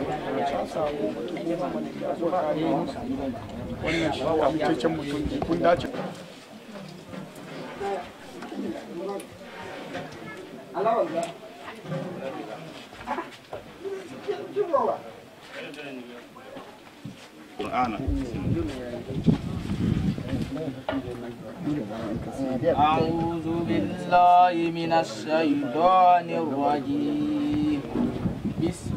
wannan أعوذ بالله من الشيطان الرجيم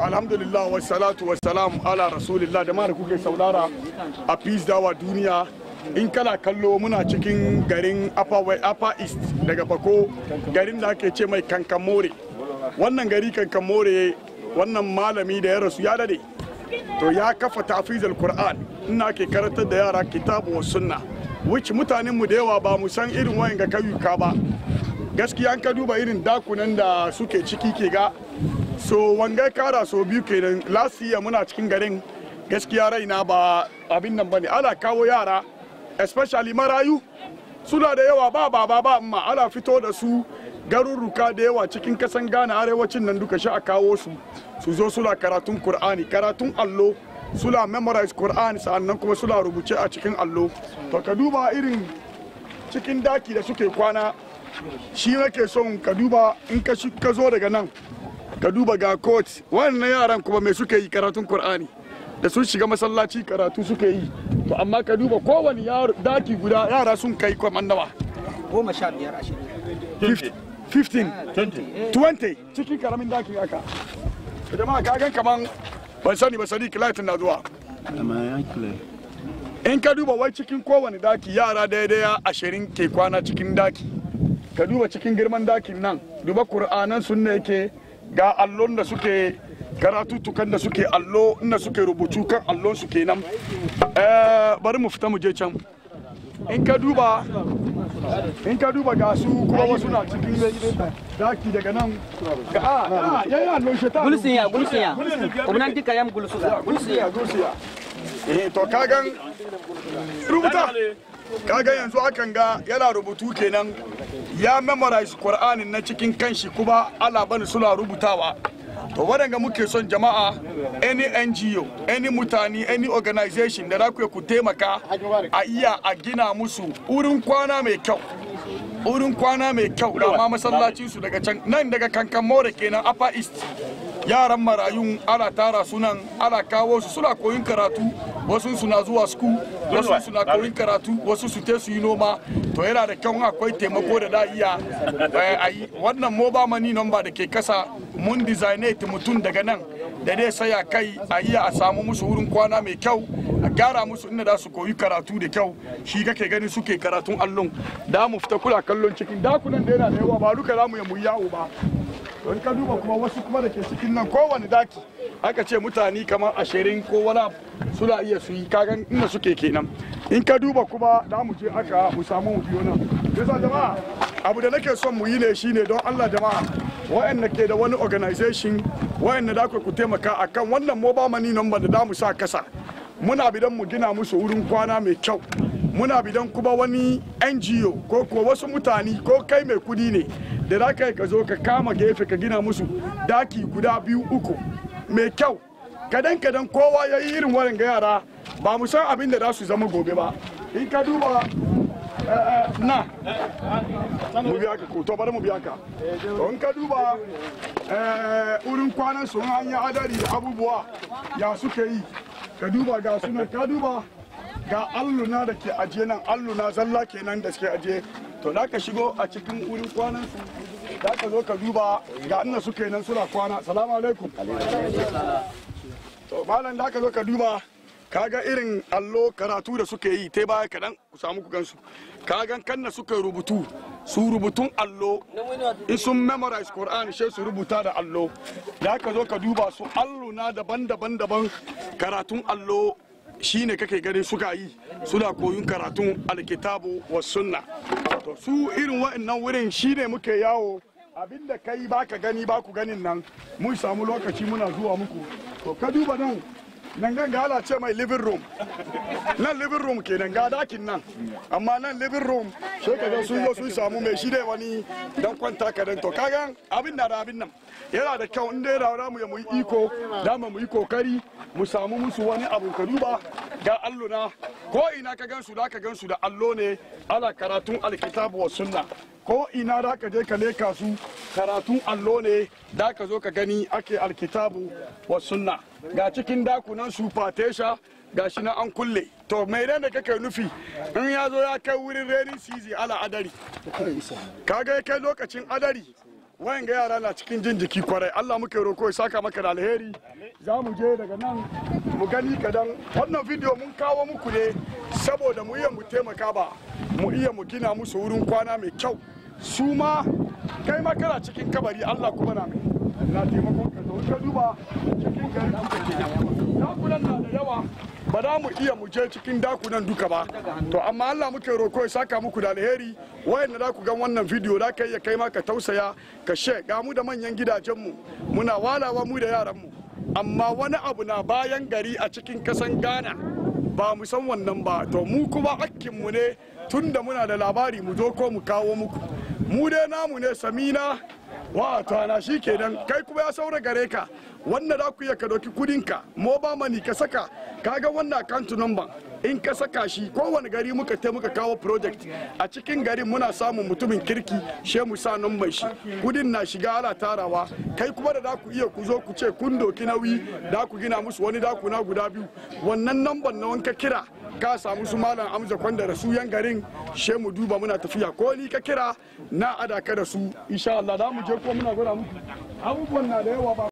alhamdulillah wa salatu wa salam ala rasulillah da mara kuke saulara a peace duniya in kana kallo muna cikin garin upper east daga bako garin da ake ce mai kankan more. wannan gari kan more wannan malami da ya rasu ya dade to ya kafa tafizal qur'an ina ke karantar da yara kitabu wa sunna which mutanen mu da yawa ba mu san irin wayan ga kayuka ba gaskiya an ka duba irin dakunan da suke ciki ke ga so wanga kara so biyu kenan last year muna cikin garin gaskiya raina ba abin nan bane ala kawo yara especially marayu suna da yawa ba baba ba amma ala fito da su garuruka da yawa cikin kasan ghana arewacin nan duka shi a kawo su su zo suna karatun kur'ani karatun allo sula memorize kur'ani sa'annan kuma sula rubuce a cikin allo to ka duba irin cikin daki da suke kwana shi nake son ka duba in ka ka zo daga nan ka duba ga coach wannan yaran kuma me suke yi karatun Qur'ani da sun shiga masallaci karatu suke yi to amma ka duba kowane daki guda yara sun kai kwamannawa goma sha biyar ashirin 15 20 cikin karamin daki haka jama'a ka gan kaman ban sani ba sadiq latin na zuwa in ka duba wai cikin kowane daki yara daidai ashirin ke kwana cikin daki ka duba cikin girman dakin nan duba kur'anan sun ne ke ga allon da suke karatutukan da suke allo inda suke rubutu kan allon su kenan eh, bari mu fita mu je can in ka duba in ka duba ga su kuma wasu na cikin daki daga nan ga ah, a ah, ya ya ya sheta ya gulsiya gulsun ya gulsun ya gulsun ya eh to kagan rubuta kaga yanzu akan ga yana rubutu kenan ya memorize qur'anin na cikin kanshi kuma ala bani suna rubutawa to waɗanda muke son jama'a any ngo any mutane any organization da za ku taimaka a iya a gina musu urin kwana mai kyau wurin kwana mai kyau da ma masallacin su daga can nan daga kankan more kenan upper east yaran marayun ala tara sunan ala kawo su suna koyin karatu wasu suna zuwa suku wasu suna korin karatu wasu su te su yi noma to yana da kyau akwai taimako da da iya eh, wannan mobile money number da ke kasa mun designate mutum daga nan da dai saya kai a yi a samu musu wurin kwana mai kyau a gyara musu inda za su koyi karatu da kyau shi kake ganin suke karatun allon da mu fita kula kallon cikin dakunan da yana da yawa ba duka za mu yi yawo ba don ka duba kuma wasu kuma da ke cikin nan kowane daki aka ce mutane kamar ashirin ko wani suna iya su yi kagan inda suke kenan in ka duba kuma da mu je aka mu samu mu biyo nan yasa jama'a abu da nake son mu yi ne shine don Allah jama'a wa'anda ke da wani organization wa'anda da ku taimaka akan wannan mobile money number da da sa kasa muna bidan mu gina musu wurin kwana mai kyau muna bidan kuma wani ngo ko kuwa wasu mutane ko kai mai kudi ne da za ka ka zo ka kama gefe ka gina musu daki guda biyu uku mai kyau kadan kadan kowa ya yi irin ga yara ba mu san abin da za su zama gobe ba in ka duba eh, eh, na mu biya ka ko to bari mu biya ka in ka duba eh, wurin kwanan su an yi adari da abubuwa ya suka yi ka duba ga sunan ka duba ga alluna da ke ajiye nan alluna zalla kenan da suke ajiye to da ka shigo a cikin wurin kwanan su da ka zo ka duba ga annan su nan suna kwana salamu alaikum to malam da ka zo ka duba ka ga irin allo karatu da suke yi te baya kaɗan ku samu ku gansu ka gan kanna suka rubutu su rubutun allo in sun memorize qur'ani she su rubuta da allo da ka zo ka duba su alluna daban-daban daban karatun allo shine kake gani suka yi suna koyun karatun alkitabu wa sunna to su irin wa'annan wurin shine muke yawo abinda kai baka gani baku ganin nan mun samu lokaci muna zuwa muku to ka duba nan nan gan ga ala ce mai living room nan living room ke nan ga dakin nan amma nan living room sai ka ga sun zo sun samu mai shi dai wani dan kwanta ka dan to kaga abin da abin nan yana da kyau in dai rawa mu ya mu iko da mu yi kokari mu samu musu wani abu ka duba ga alluna ko ina ka gansu da ka gansu da allo ne ala karatun alkitabu wa sunna ko ina da ka je ka leka su karatun allo ne da ka zo ka gani ake alkitabu wa sunna ga cikin dakunan su fatesha ga shi na an kulle to mai ran da kake nufi in ya zo ya kai wurin reni sizi ala adari ka ya kai lokacin adari wayan ga yara na cikin jin jiki kwarai Allah muke roko ya saka maka da alheri za mu je daga nan mu gani kadan wannan video mun kawo muku ne saboda mu iya mu taimaka ba mu iya mu gina musu wurin kwana mai kyau su ma kai ma kana cikin kabari Allah kuma na mai na ka ka duba cikin yawa dakunan na da yawa ba za mu iya mu je cikin dakunan duka ba to amma Allah muke roko ya saka muku da alheri wayanda za ku gan wannan bidiyo da ka iya kai ma ka tausaya ka she ga mu da manyan gidajen mu muna walawa mu da yaran mu amma wani abu na bayan gari a cikin kasan Ghana ba mu san wannan ba to mu kuma hakkin mu ne tunda muna da labari mu zo ko mu kawo muku mu dai namu ne samina wa tana shi kenan kai kuma ya saura gare ka wanda za ku iya ka doki kudinka ka saka ka saka kaga wannan account number in ka saka shi kowane gari muka te muka kawo project a cikin garin muna samun mutumin kirki she mu sa nan mai shi kudin na shiga ala tarawa kai kuma da ku iya ku zo ku ce kun doki nauyi da gina musu wani daku na guda biyu wannan namban na wanka kira ka samu su malam amza kwanda da su yan garin she mu duba muna tafiya ko ni ka kira na adaka da su insha Allah za mu je ko muna gura muku abubuwan na da yawa ba